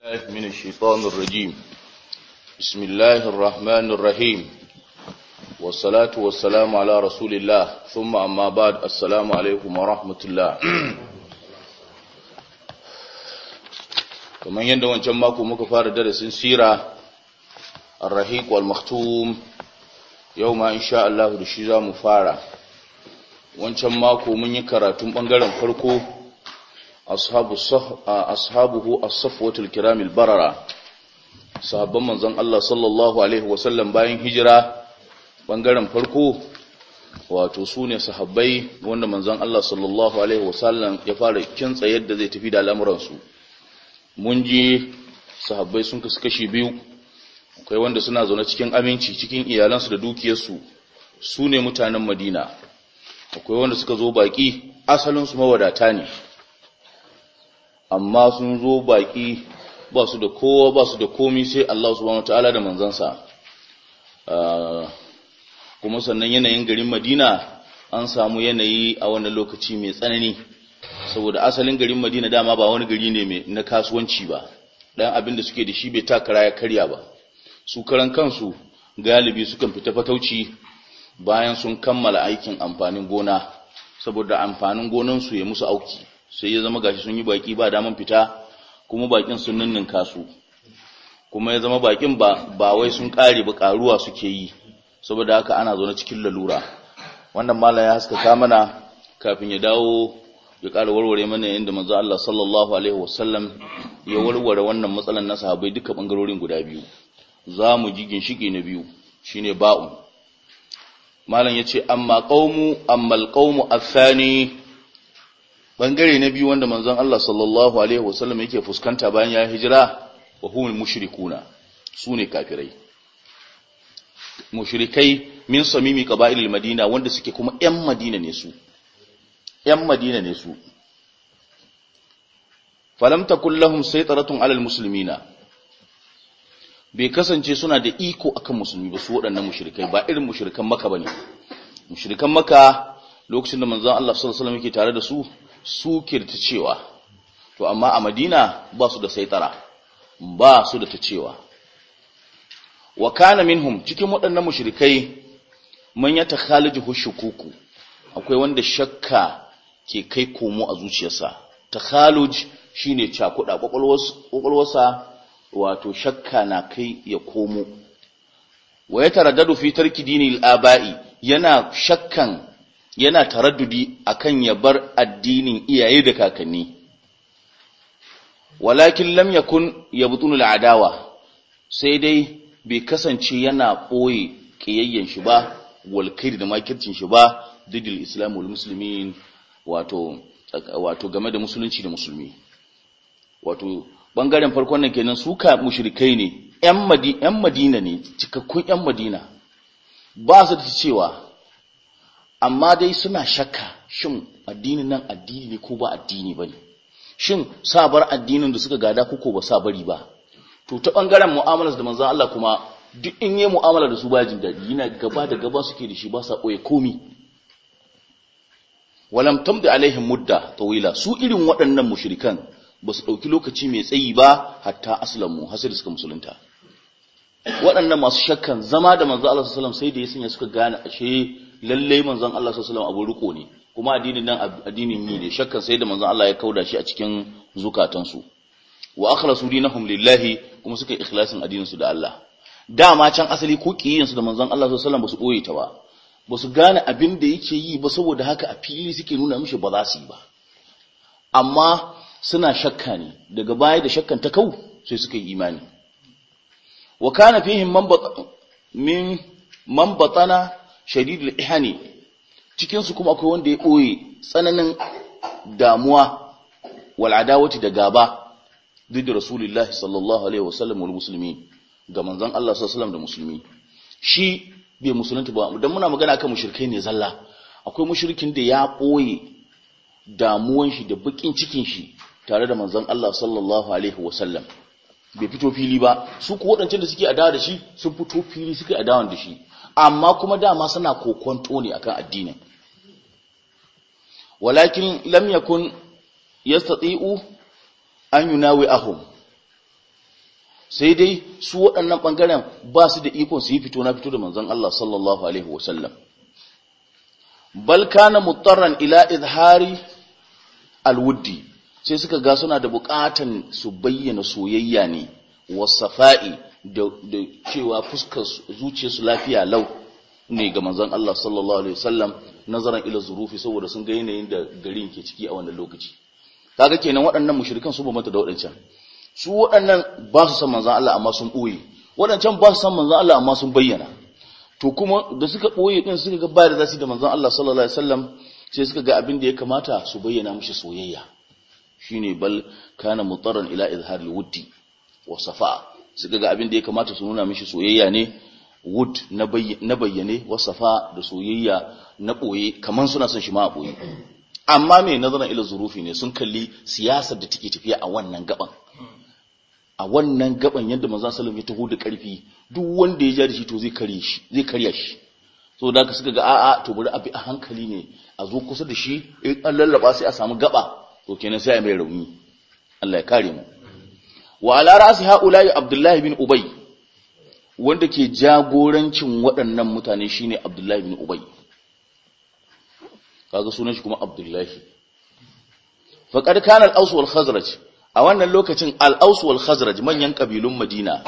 الله من الشيطان الرجيم بسم الله الرحمن الرحيم والصلاة والسلام على رسول الله ثم أما بعد السلام عليكم ورحمة الله kamar yadda wancan mako muka fara darasin sira ar-rahiq wal maktum yau ma insha Allah da shi zamu fara wancan mako mun yi karatun bangaren farko ashabuhu as-safwatul kiramil barara sahabban manzon Allah sallallahu alaihi wasallam bayan hijira bangaren farko wato sune sahabbai wanda manzon Allah sallallahu alaihi wasallam ya fara kintsa yadda zai tafi da al'amuran su mun ji sahabbai sun kasu kashi biyu akwai wanda suna zaune cikin aminci cikin iyalansu da dukiyarsu su ne mutanen Madina akwai wanda suka zo baki asalin su mawadata ne amma sun zo baki ba su da kowa ba su da komi sai Allah subhanahu wataala da manzansa ah, kuma sannan yanayin garin Madina an samu yanayi a wannan lokaci mai tsanani saboda asalin garin Madina dama ba wani gari ne na kasuwanci ba dan abin da suke da shi bai takara ya karya ba su karan kansu galibi sukan fita fatauci bayan sun kammala aikin amfanin gona saboda amfanin gonansu ya musu auki sai ya zama gashi sun yi baki ba daman fita kuma bakin sun ninninka kasu kuma ya zama bakin ba ba wai sun kare ba karuwa suke yi saboda haka ana zo na cikin lalura wannan malam ya haskaka mana kafin ya dawo ya kara warware mana yadda manzo Allah sallallahu alaihi wasallam ya warware wannan matsalan na sahabbai duka bangarorin guda biyu za mu ji ginshiki na biyu shine ba'u malam yace amma qaumu ammal qaumu athani bangare na biyu wanda manzon Allah sallallahu alaihi wasallam yake fuskanta bayan ya hijira wa humul su sune kafirai mushrikai min samimi qaba'ilil madina wanda suke kuma ƴan madina ne su ƴan madina ne su falam takul lahum saytaratun alal muslimina bai kasance suna da iko akan musulmi ba su waɗannan mushrikai ba irin mushrikan maka bane mushrikan maka lokacin da manzon Allah sallallahu alaihi wasallam yake tare da su Su kirti cewa to amma a madina ba su da saitara ba su da ta cewa wa kana minhum cikin waɗannan mushrikai man ya takhalijuhu shukuku akwai wanda shakka ke kai komo a zuciyarsa takhaluj shine cakuda kwakwalwarsa wato shakka na kai ya komo wa ya taraddadu fi tarki dinil aba'i yana shakkan yana taraddudi akan ya bar addinin iyaye da kakanni walakin lam yakun yabtunu al'adawa sai dai bai kasance yana boye kiyayyen shi ba wal da makircin shi ba didil islam wal muslimin wato wato game da musulunci da musulmi wato bangaren farkon nan kenan su ka mushrikai ne ƴan madina ne cikakkun ƴan madina ba su da cewa amma dai suna shakka shin addinin nan addini ne ko ba addini ba ne? shin sabar addinin da suka gada ko ba sabari ba to ta bangaren mu'amalar da manzan Allah kuma duk in yi mu'amala da su ba jin daɗi yana gaba da gaba suke da shi ba sa ɓoye komi walam tamdi alaihim mudda tawila su irin waɗannan mushrikan ba su ɗauki lokaci mai tsayi ba hatta aslamu hasir suka musulunta waɗannan masu shakkan zama da manzo Allah sallallahu sai da ya sanya suka gane ashe lalle manzon Allah sallallahu alaihi abu riko ne kuma addinin nan addinin ne shakkan sai da manzon Allah ya kauda shi a cikin zukatansu wa akhlasu dinahum lillahi kuma suka ikhlasin addinin su da Allah dama can asali ko kiyin su da manzon Allah sallallahu alaihi su boye ta ba su gane abin da yake yi ba saboda haka a fili suke nuna mishi ba za su yi ba amma suna shakka ne daga baya da shakkan ta kau sai suka yi imani wa kana fihim man man batana shadidul ihani cikinsu kuma akwai wanda ya ɓoye tsananin damuwa wal adawati da gaba duk da rasulullahi sallallahu alaihi wasallam wal musulmi ga manzon Allah sallallahu alaihi wasallam da musulmi shi bai musulunta ba dan muna magana kan mushrikai ne zalla akwai mushrikin da ya ɓoye damuwan shi da bakin cikin shi tare da manzon Allah sallallahu alaihi wasallam bai fito fili ba su ko waɗancan da suke adawa da shi sun fito fili suke adawa da shi amma kuma dama suna kokonto ne akan addinin walakin lam yakun yastati'u an yunawi ahum sai dai su waɗannan ɓangaren ba su da ikon su yi fito na fito da manzon Allah sallallahu alaihi wasallam bal kana mutarran ila izhari alwuddi sai suka ga suna da buƙatan su bayyana soyayya ne wasafa'i da cewa fuskar zuciyarsu lafiya lau ne ga manzon Allah sallallahu alaihi wasallam nazaran ila zurufi saboda sun ga yanayin da garin ke ciki a wannan lokaci kaga kenan waɗannan mushrikan su ba mata da waɗancan su waɗannan ba su san manzon Allah amma sun ɓoye waɗancan ba su san manzon Allah amma sun bayyana to kuma da suka ɓoye din suka ga ba da zasu da manzon Allah sallallahu alaihi wasallam sai suka ga abin da ya kamata su bayyana mishi soyayya shine bal kana mutarran ila izhar al-wuddi wa Safa'a. suka ga abin da ya kamata su nuna mishi soyayya ne Wood na bayyane wasafa da soyayya na ɓoye kamar suna son shi ma a ɓoye amma mai nazarin ila zurufi ne sun kalli siyasar da take tafiya a wannan gaban a wannan gaban yadda Maza sallam ya taho da karfi duk wanda ya ja da shi to zai kare shi karya shi so da ka suka ga a'a to bari abi a hankali ne a zo kusa da shi in an lallaba sai a samu gaba to kenan sai a mai rauni Allah ya kare mu wa ala ra'si haula'i abdullahi bin Ubai? wanda ke jagorancin waɗannan mutane shine abdullahi bin ubay kaga sunan shi kuma abdullahi faqad kana al-aws wal khazraj a wannan lokacin al-aws wal khazraj manyan kabilun madina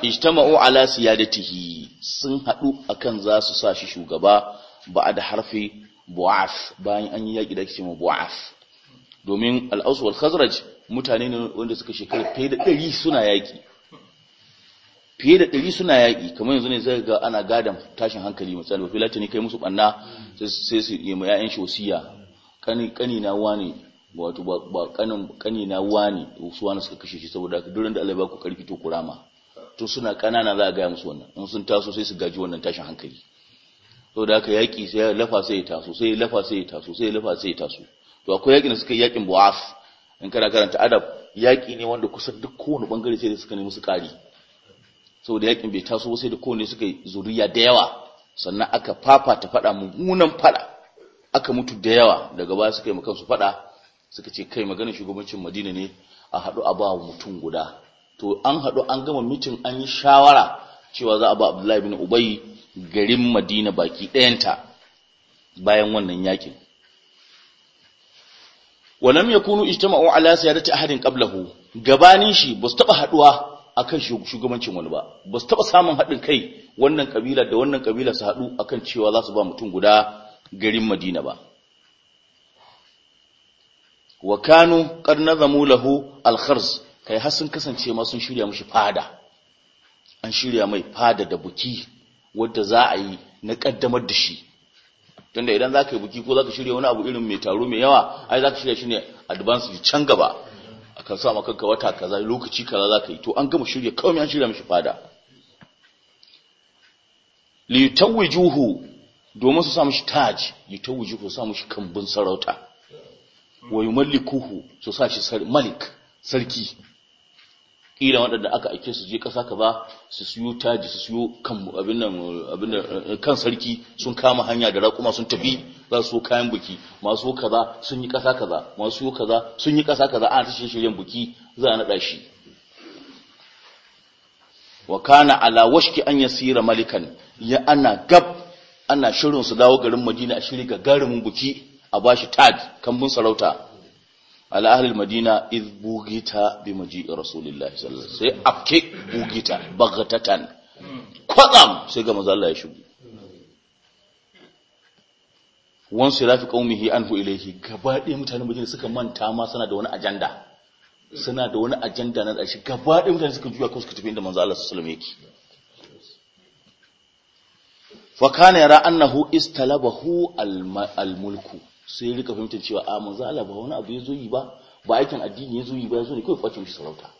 ijtama'u ala siyadatihi sun hadu akan za su sa shi shugaba ba da harfi bu'af bayan an yi yaki da ma bu'af domin al-aws wal khazraj mutane ne wanda suka shekara fiye da ɗari suna yaƙi fiye da ɗari suna yaƙi kamar yanzu ne zai ga ana gadan tashin hankali misali wafi ne kai musu ɓanna sai su yi ma 'ya'yan shosiya ƙani na wani wato ba ƙani na wani su wani suka kashe shi saboda ka durin da Allah ba ku ƙarfi to kurama to suna ƙanana za a gaya musu wannan in sun taso sai su gaji wannan tashin hankali saboda aka yaƙi sai lafa sai ya taso sai lafa sai ya taso sai lafa sai ya taso to akwai yaƙin da suka yi yaƙin bu'af in kana karanta adab yaƙi ne wanda kusan duk kowane bangare sai da suka nemi su ƙari saboda yaƙin bai taso ba sai da kowane suka yi zuriya da yawa sannan aka fafata faɗa mummunan faɗa aka mutu da yawa daga baya suka yi maka su faɗa suka ce kai maganar shugabancin madina ne a haɗu a ba mutum guda to an haɗu an gama mitin an yi shawara cewa za a ba abdullahi bin ubayi garin madina baki ɗayanta bayan wannan yakin walam yakunu ijtama'u ala siyadati ahadin qablahu gabanin shi ba su taba haduwa akan shugabancin wani ba ba su taba samun haɗin kai wannan kabila da wannan kabila su haɗu akan cewa za su ba mutum guda garin Madina ba wa kanu qad nazamu lahu al kai har sun kasance ma sun shirya mishi fada an shirya mai fada da buki wanda za a yi na ƙaddamar da shi tunda idan zaka yi buki ko zaka shirya wani abu irin mai taro mai yawa ai zaka shirya shi ne advance can gaba akan sa maka ka wata kaza lokaci kaza zaka yi to an gama shirya kawai an shirya mishi fada li tawjuhu domin su sa mishi taj li tawjuhu sa mishi kambun sarauta wa yumallikuhu su sa shi malik sarki kila waɗanda aka aike su je ƙasa kaza su siyo taji su siyo kan sarki sun kama hanya da raƙuma sun tafi za su kayan buki masu kaza sun yi ƙasa kaza masu kaza sun yi ƙasa kaza ana tashin shiryen buki za a naɗa shi wa kana ala washki an yasira malikan ya ana gab ana shirin su dawo garin madina a shiri gagarumin buki a bashi taj kambun sarauta ala ahlil madina iz bugita bi maji'i rasulillahi sallallahu alaihi wasallam sai afke bugita bagatatan kwatsam sai ga manzo Allah ya shigo wan sirafi qaumihi anhu ilayhi gaba ɗaya mutanen madina suka manta ma suna da wani agenda, suna da wani agenda na tsashi gaba ɗaya mutane suka juya ko suka tafi inda manzo Allah sallallahu alaihi wasallam yake fa kana yara annahu istalabahu al-mulku sai rika fahimtar cewa a manzo Allah ba wani abu ya zo yi ba ba aikin addini ya zo yi ba ya zo ne kawai kwace mishi sarauta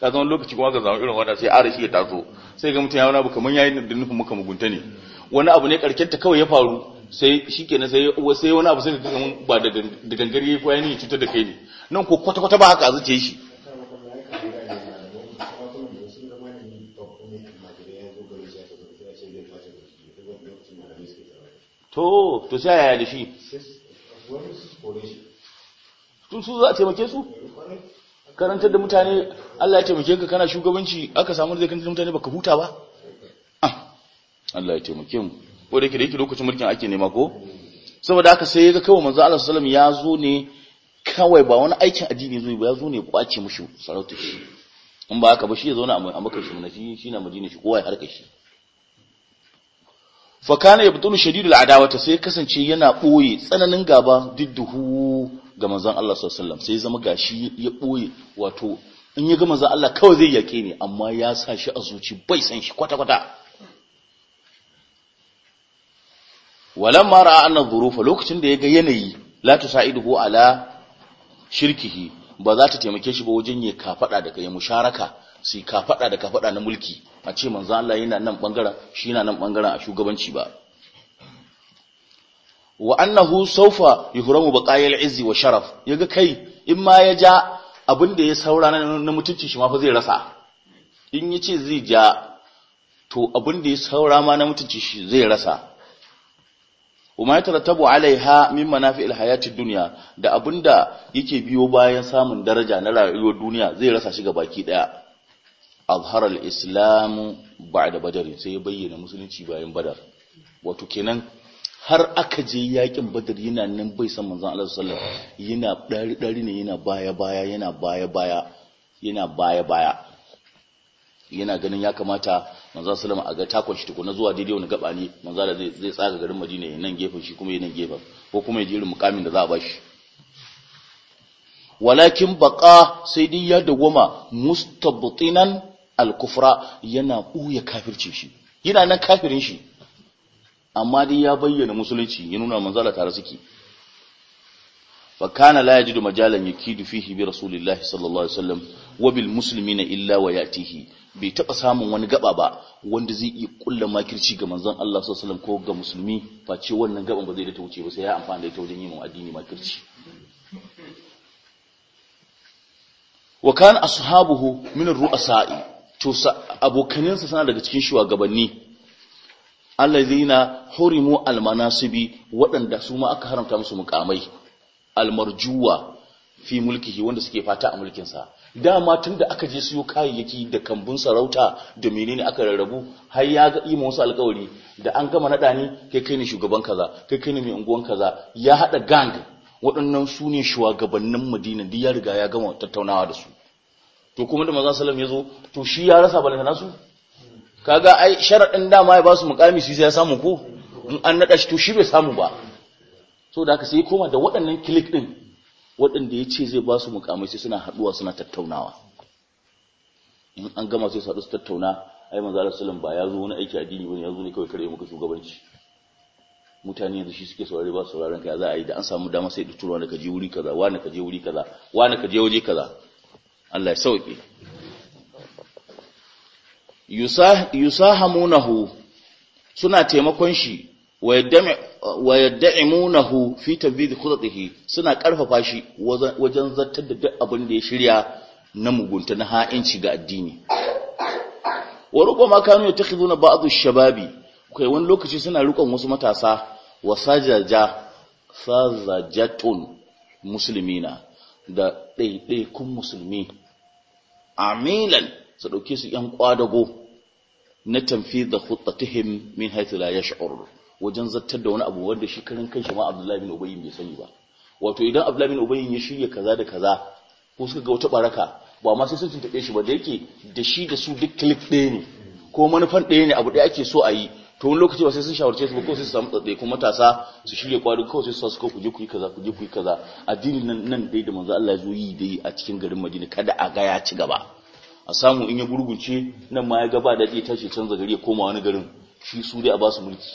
ka zama lokaci kuma ka zama irin wanda sai arashi ya taso sai ga mutum ya wani abu kamar yayi da nufin muka mugunta ne wani abu ne karkenta kawai ya faru sai shikenan sai sai wani abu sai ka ba da gangare ko yayi cutar da kai ne nan ko kwata kwata ba haka zuciye shi to to sai yaya da shi su za a taimake su karantar da mutane Allah ya taimake ka kana shugabanci aka samu zai karantar da mutane baka huta ba ah, Allah ya taimake mu ko da yake da yake lokacin mulkin ake nema ko saboda haka sai ga kawai manzo Allah sallallahu alaihi wasallam ya zo ne kawai ba wani aikin addini zai ba ya zo ne kwace mushi sarautu shi in ba haka ba shi ya na a makar shi shi shi na madina shi kowa ya harka shi fa kana yabtulu shadidul adawata sai kasance yana ɓoye tsananin gaba didduhu ga manzon Allah sallallahu alaihi wasallam sai zama gashi ya boye wato in ya ga manzon Allah kawai zai yake ne amma ya sa shi a zuci bai san shi kwata kwata walamma ra'a anna dhurufa lokacin da ya ga yanayi la tusaiduhu ala shirkihi ba za ta taimake shi ba wajen ya kafada da kai musharaka sai ka faɗa da ka faɗa na mulki a ce manzo Allah yana nan bangaren shi yana nan bangaren a shugabanci ba wa annahu sawfa yuhramu baqayil izzi wa sharaf yaga kai in ma ya ja abin da ya saura na mutunci shi ma fa zai rasa in yace zai ja to abin da ya saura ma na mutunci shi zai rasa ma yatarattabu alaiha min manafi'il hayati dunya da abinda yake biyo bayan samun daraja na rayuwar duniya zai rasa shi baki daya azhar al ba da badari sai ya bayyana musulunci bayan badar wato kenan har aka je yakin badar yana nan bai san manzon Allah sallallahu alaihi yana dari dari ne yana baya baya yana baya baya yana baya baya yana ganin ya kamata manzo sallama a ga takon shi tukuna zuwa daidai wani gaba ne manzo da zai zai tsaga garin Madina ya nan gefen shi kuma yana nan gefen ko kuma ya irin mukamin da za a bashi walakin baqa sai dai ya dawoma mustabtinan al yana ɓuya kafirci shi yana nan kafirin shi amma dai ya bayyana musulunci ya nuna manzala tare suke fa kana la yajidu majalan yakidu fihi bi rasulillahi sallallahu alaihi wasallam wa bil muslimina illa wa yatihi bai taba samun wani gaba ba wanda zai iya kulla makirci ga manzon Allah sallallahu alaihi wasallam ko ga musulmi face wannan gaban ba zai da ta wuce ba sai ya amfana da ita wajen yin addini makirci wa kana ashabuhu min ruasai to abokaninsa suna daga cikin shugabanni allazina hurimu almanasibi waɗanda su ma aka haramta musu mukamai almarjuwa fi mulkihi wanda suke fata a mulkinsa dama tun da aka je siyo kayayyaki da kambun sarauta da menene aka rarrabu har ya ga ima wasu alkawari da an gama naɗa ni kai kai ne shugaban kaza kai kai ne mai unguwan kaza ya haɗa gang waɗannan su ne shugabannin madina duk ya riga ya gama tattaunawa da su to kuma da maza salam ya zo to shi ya rasa balantana nasu kaga ai sharaɗin dama ya ba su mukami su ya samu ko in an naɗa shi to shi bai samu ba so da haka sai ya koma da waɗannan kilik ɗin waɗanda ya ce zai ba su mukamai sai suna haɗuwa suna tattaunawa in an gama sai su haɗu su tattauna ai manzo Allah sallam ba ya zo wani aiki addini bane ya zo ne kawai kare muka shugabanci mutane yanzu shi suke saurare ba sauraron ka ya za a yi da an samu dama sai da turwa da kaje wuri kaza wani kaje wuri kaza wani kaje waje kaza Allah ya sauke yusahamunahu suna taimakon shi wa yadda'imunahu fi tabdid khutatihi suna karfafa shi wajen zartar da duk abin da ya shirya na mugunta na ha'inci ga addini wa ma kanu yatakhiduna ba'd ash-shababi kai wani lokaci suna rukon wasu matasa wa sajaja sajajatun muslimina da ɗaiɗaikun musulmi amilan su dauke su yan kwadago na da khuttatihim min haythu la yash'ur wajen zartar da wani abu wanda shi karin kanshi ma Abdullahi bin Ubay bai sani ba wato idan Abdullahi bin Ubay ya shirya kaza da kaza ko suka ga wata baraka ba ma sai sun tuntaɓe shi ba da yake da shi da su duk clip ɗaya ne ko manufan ɗaya ne abu ɗaya ake so a yi to wani lokaci ba sai sun shawarce su ba kawai sai su samu tsatsai kuma matasa su shirya kwari kawai sai su su ku je ku yi kaza ku je ku yi kaza addini nan nan dai da manzo Allah ya zo yi dai a cikin garin Madina kada a ga ya ci gaba a samu in ya gurgunce nan ma ya gaba da zai tashi canza gari ya koma wani garin shi su dai a ba su mulki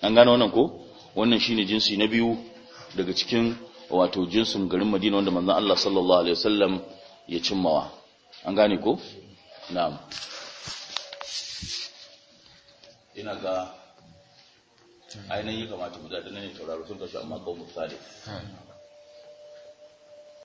an gane wannan ko wannan shine jinsi na biyu daga cikin wato jinsin garin Madina wanda manzo Allah sallallahu alaihi wasallam ya cimmawa an gane ko na'am ina ga ainihin kamata mu zaɗi ne tauraro sun kashe amma kawo misali